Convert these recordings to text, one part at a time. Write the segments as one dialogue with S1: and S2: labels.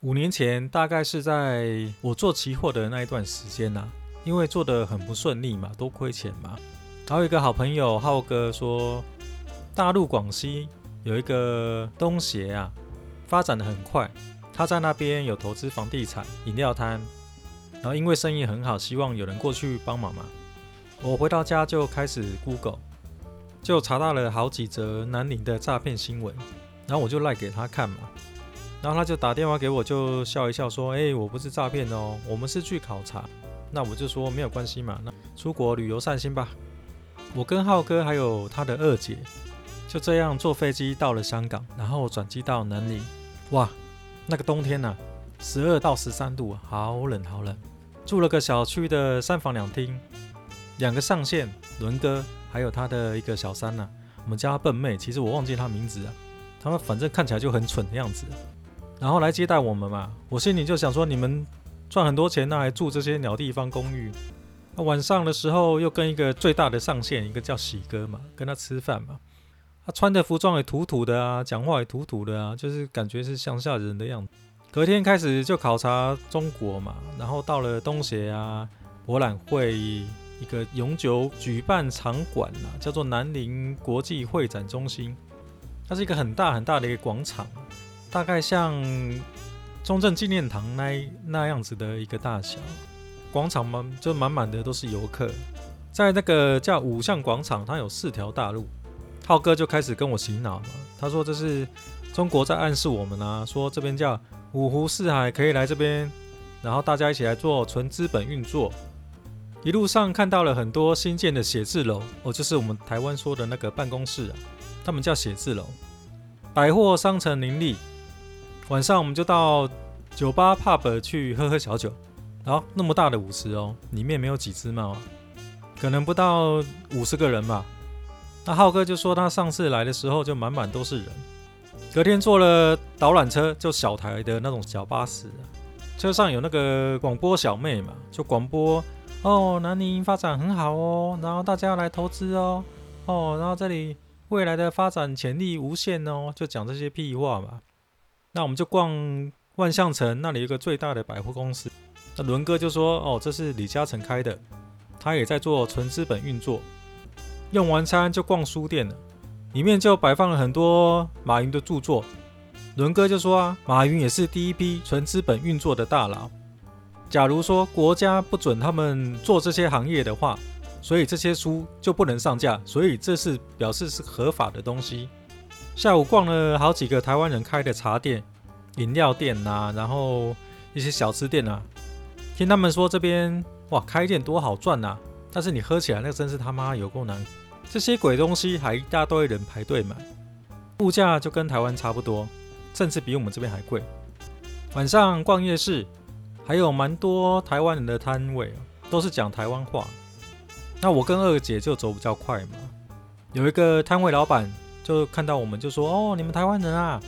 S1: 五年前，大概是在我做期貨的那一段時間吶、啊，因為做的很不順利嘛，都虧錢嘛。然後有一個好朋友浩哥說，大陸廣西有一個東協啊，發展的很快，他在那邊有投資房地產、飲料攤，然後因為生意很好，希望有人過去幫忙嘛。我回到家就開始 Google，就查到了好幾則南寧的詐騙新聞，然後我就賴、like、給他看嘛。然後他就打電話給我，就笑一笑說：“哎、欸，我不是詐騙哦，我們是去考察。”那我就說，沒有關係嘛，那出國旅遊散心吧。我跟浩哥還有他的二姐就這樣坐飛機到了香港，然後轉機到南寧。哇，那個冬天啊，十二到十三度，好冷好冷。住了個小區的三房兩廳，兩個上線，倫哥還有他的一個小三啊。我們家笨妹，其實我忘記他名字了，他們反正看起來就很蠢的樣子。然後來接待我們嘛，我心裡就想說，你們賺很多錢，那還住這些鳥地方公寓？晚上的時候又跟一個最大的上線，一個叫喜哥嘛，跟他吃飯嘛。他、啊、穿的服裝也土土的啊，講話也土土的啊，就是感覺是鄉下人的樣子。隔天開始就考察中國嘛，然後到了東協啊，博覽會一個永久舉辦場館啊，叫做南寧國際會展中心。它是一個很大很大的一個廣場。大概像中正紀念堂那那樣子的一個大小廣場嘛，就滿滿的都是遊客。在那個叫五象廣場，它有四條大路。浩哥就開始跟我洗腦嘛，他說這是中國在暗示我們啊，說這邊叫五湖四海可以來這邊，然後大家一起來做純資本運作。一路上看到了很多新建的寫字樓哦，就是我們台灣說的那個辦公室啊，他們叫寫字樓，百貨商城林立。晚上我們就到酒吧 pub 去喝喝小酒，然後那麼大的舞池哦，裡面沒有幾隻貓啊，可能不到五十個人吧。那浩哥就說他上次來的時候就滿滿都是人。隔天坐了導覽車，就小台的那種小巴士，啊，車上有那個廣播小妹嘛就，就廣播哦，南寧發展很好哦，然後大家要來投資哦，哦，然後這裡未來的發展潛力無限哦，就講這些屁話嘛。那我們就逛萬象城，那裡一個最大的百貨公司。那倫哥就說：“哦，這是李嘉誠開的，他也在做純資本運作。”用完餐就逛書店了，裡面就擺放了很多馬雲的著作。倫哥就說：“啊，馬雲也是第一批純資本運作的大佬。假如說國家不准他們做這些行業的話，所以這些書就不能上架，所以這是表示是合法的東西。”下午逛了好幾個台灣人開的茶店，飲料店吶，啊，然後一些小吃店啊。聽他們說這邊哇，開店多好賺啊。但是你喝起來那個真是他媽有夠難，這些鬼東西還一大堆人排隊買。物價就跟台灣差不多，甚至比我們這邊還貴。晚上逛夜市，還有蠻多台灣人的攤位，都是講台灣話。那我跟二姐就走比較快嘛。有一個攤位老板。就看到我們就說：“哦，你們台灣人啊，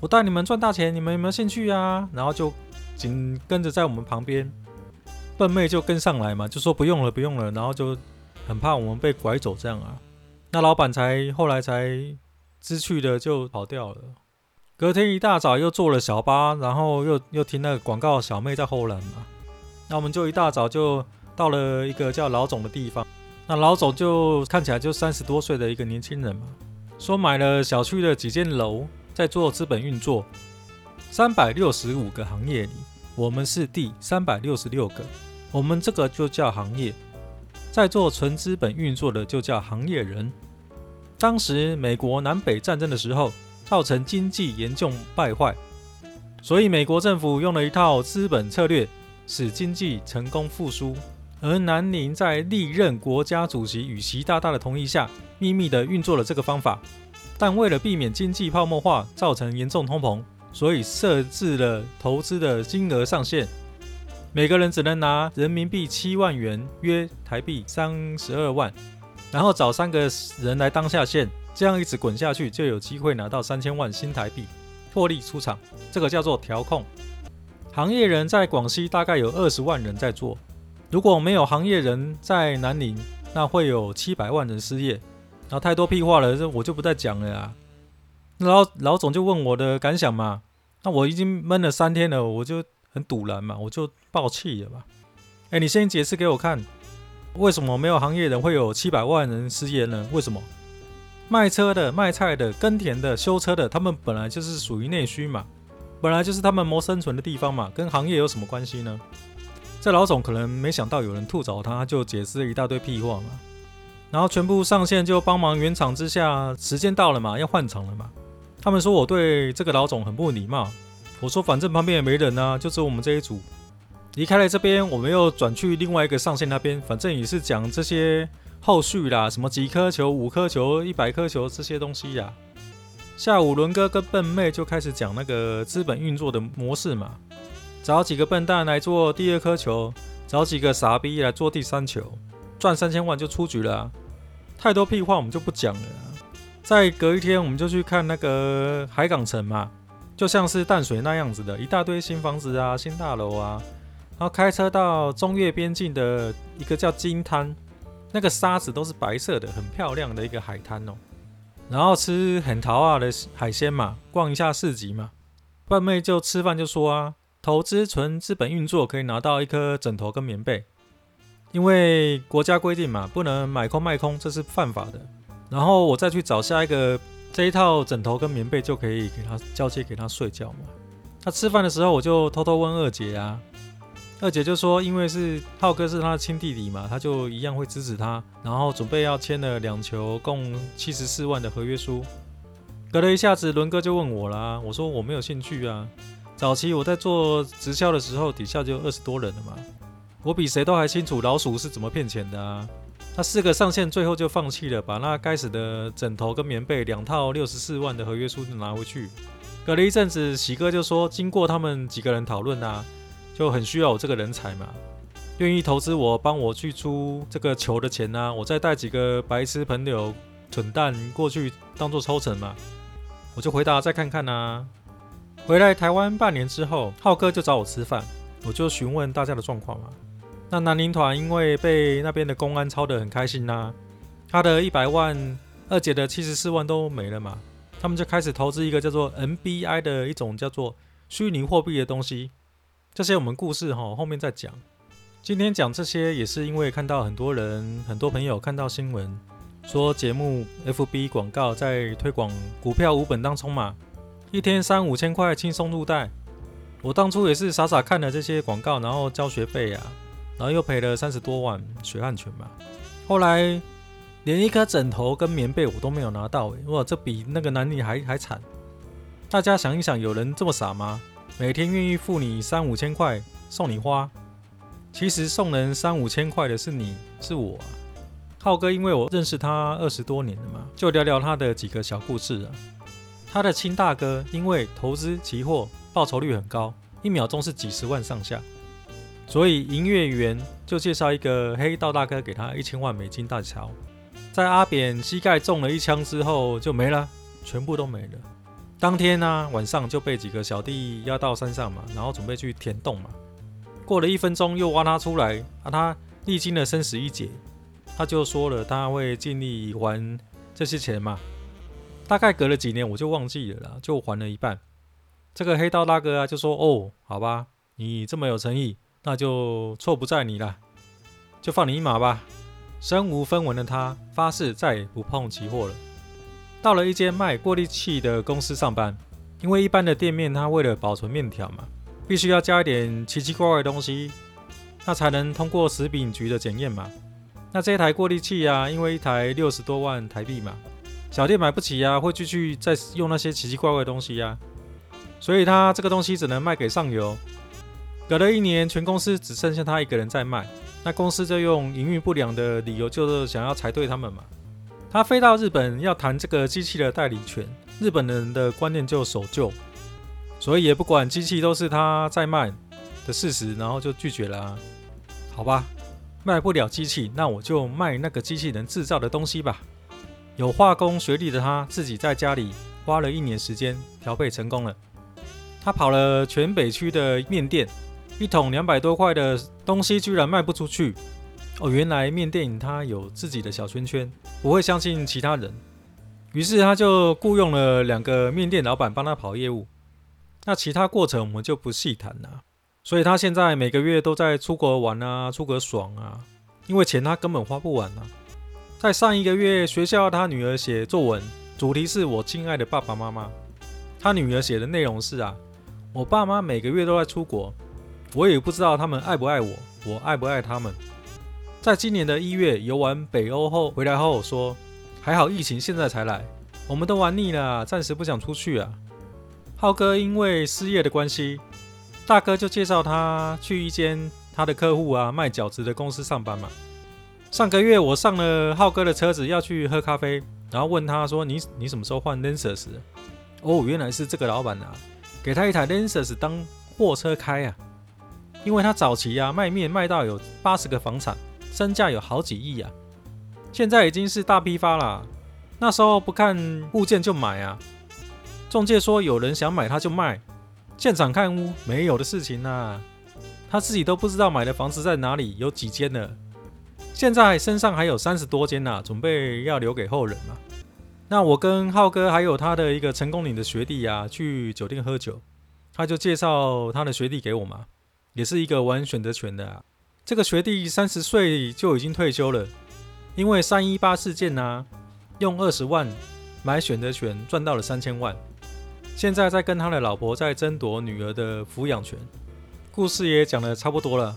S1: 我帶你們賺大錢，你們有沒有興趣啊？”然後就緊跟着在我們旁邊，笨妹就跟上來嘛，就說：“不用了，不用了。”然後就很怕我們被拐走這樣啊。那老板才後來才知趣的就跑掉了。隔天一大早又坐了小巴，然後又又聽那個廣告小妹在後來嘛。那我們就一大早就到了一個叫老總的地方。那老總就看起來就三十多歲的一個年輕人嘛。說買了小區的幾間樓，在做資本運作。三百六十五個行業裡，我們是第三百六十六個。我們這個就叫行業，在做純資本運作的就叫行業人。當時美國南北戰爭的時候，造成經濟嚴重敗壞，所以美國政府用了一套資本策略，使經濟成功復甦。而南寧在歷任國家主席與習大大的同意下，秘密地運作了這個方法。但為了避免經濟泡沫化造成嚴重通膨，所以設置了投資的金額上限，每個人只能拿人民幣七萬元，約台幣三十二萬，然後找三個人來當下線，這樣一直滾下去，就有機會拿到三千萬新台幣，獲利出場。這個叫做調控。行業人在廣西大概有二十萬人在做。如果沒有行業人，在南寧，那會有七百萬人失業。然後太多屁話了，這我就不再講了啊。然後老、老總就問我的感想嘛，那我已經悶了三天了，我就很堵然嘛，我就爆氣了嘛。哎、欸，你先解釋給我看，為什麼沒有行業人會有七百萬人失業呢？為什麼賣車的、賣菜的、耕田的、修車的，他們本來就是屬於內需嘛，本來就是他們謀生存的地方嘛，跟行業有什麼關係呢？這老總可能沒想到有人吐槽他，就解釋了一大堆屁話嘛。然後全部上線就幫忙圓場，之下時間到了嘛，要換場了嘛。他們說我對這個老總很不禮貌，我說反正旁邊也沒人啊，就只有我們這一組。離開了這邊，我們又轉去另外一個上線那邊，反正也是講這些後續啦，什麼幾顆球、五顆球、一百顆球這些東西呀、啊。下午倫哥跟笨妹就開始講那個資本運作的模式嘛。找幾個笨蛋來做第二顆球，找幾個傻逼來做第三球，賺三千萬就出局了啊。太多屁話我們就不講了。再隔一天我們就去看那個海港城嘛，就像是淡水那樣子的一大堆新房子啊、新大樓啊。然後開車到中越邊境的一個叫金灘，那個沙子都是白色的，很漂亮的一個海灘哦。然後吃很桃啊的海鮮嘛，逛一下市集嘛。半妹就吃飯就說啊。投資純資本運作可以拿到一顆枕頭跟棉被，因為國家規定嘛，不能買空賣空，這是犯法的。然後我再去找下一個這一套枕頭跟棉被，就可以給他交接，給他睡覺嘛。他吃飯的時候，我就偷偷問二姐啊，二姐就說，因為是浩哥是他的親弟弟嘛，他就一樣會支持他。然後準備要簽了兩球共七十四萬的合約書，隔了一下子，倫哥就問我啦，我說我沒有興趣啊。早期我在做直銷的時候，底下就二十多人了嘛。我比誰都還清楚老鼠是怎麼騙錢的啊。那四個上線最後就放棄了，把那該死的枕頭跟棉被兩套六十四萬的合約書拿回去。隔了一陣子，喜哥就說：“經過他們幾個人討論啊，就很需要我這個人才嘛，願意投資我，幫我去出這個球的錢啊，我再帶幾個白痴朋友、蠢蛋過去當做抽成嘛。”我就回答：“再看看啊。”回來台灣半年之後，浩哥就找我吃飯，我就詢問大家的狀況嘛。那南寧團因為被那邊的公安抄得很開心吶、啊，他的一百萬，二姐的七十四萬都沒了嘛。他們就開始投資一個叫做 NBI 的一種叫做虛擬貨幣的東西。這些我們故事哈後面再講。今天講這些也是因為看到很多人，很多朋友看到新聞說節目 FB 廣告在推廣股票無本當沖嘛。一天三五千塊，輕鬆入袋。我當初也是傻傻看了這些廣告，然後交學費啊，然後又賠了三十多萬血汗錢嘛。後來連一顆枕頭跟棉被我都沒有拿到，欸，哇，這比那個男的還還慘。大家想一想，有人這麼傻嗎？每天願意付你三五千塊送你花？其實送人三五千塊的是你，是我啊。浩哥，因為我認識他二十多年了嘛，就聊聊他的幾個小故事啊。他的親大哥因為投資期貨報酬率很高，一秒鐘是幾十萬上下，所以營業員就介紹一個黑道大哥給他一千萬美金大鈔。在阿扁膝蓋中了一槍之後，就沒了，全部都沒了。當天呢，晚上就被幾個小弟押到山上嘛，然後準備去填洞嘛。過了一分鐘，又挖他出來，啊，他歷經了生死一劫，他就說了他會盡力還這些錢嘛。大概隔了幾年，我就忘記了啦，就還了一半。這個黑道大哥啊，就說：“哦，好吧，你這麼有誠意，那就錯不在你了，就放你一馬吧。”身無分文的他發誓再也不碰期貨了，到了一間賣過濾器的公司上班。因為一般的店面，他為了保存麵條嘛，必須要加一點奇奇怪怪的東西，那才能通過食品局的檢驗嘛。那這台過濾器啊，因為一台六十多萬台幣嘛。小店買不起啊，會繼續再用那些奇奇怪怪的東西啊，所以他這個東西只能賣給上游。隔了一年，全公司只剩下他一個人在賣，那公司就用營運不良的理由，就是想要裁對他們嘛。他飛到日本要談這個機器的代理權，日本人的觀念就守舊，所以也不管機器都是他在賣的事實，然後就拒絕了啊。好吧，賣不了機器，那我就賣那個機器能製造的東西吧。有化工學歷的他，自己在家裡花了一年時間調配成功了。他跑了全北區的麵店，一桶兩百多塊的東西居然賣不出去。哦，原來面店他有自己的小圈圈，不會相信其他人。於是他就雇傭了兩個麵店老板幫他跑業務。那其他過程我們就不細談了。所以他現在每個月都在出國玩啊，出國爽啊，因為錢他根本花不完啊。在上一個月，學校他女兒寫作文，主題是我親愛的爸爸媽媽。他女兒寫的內容是啊，我爸媽每個月都在出國，我也不知道他們愛不愛我，我愛不愛他們。在今年的一月遊玩北歐後回來後我說，還好疫情現在才來，我們都玩膩了，暫時不想出去啊。浩哥因為失業的關係，大哥就介紹他去一間他的客戶啊賣餃子的公司上班嘛。上個月我上了浩哥的車子要去喝咖啡，然後問他說你：“你你什麼時候換 Lexus？” 哦，原來是這個老闆啊，給他一台 Lexus 當貨車開啊，因為他早期啊賣麵賣到有八十個房產，身價有好幾億啊，現在已經是大批發啦啊，那時候不看物件就買啊，中介說有人想買他就賣，現場看屋沒有的事情啊，他自己都不知道買的房子在哪裡，有幾間呢？現在身上還有三十多間呢、啊，準備要留給後人嘛。那我跟浩哥還有他的一個成功嶺的學弟呀、啊，去酒店喝酒，他就介紹他的學弟給我嘛，也是一個玩選擇權的、啊。這個學弟三十歲就已經退休了，因為三一八事件吶、啊，用二十萬買選擇權賺到了三千萬，現在在跟他的老婆在爭奪女兒的撫養權。故事也講得差不多了。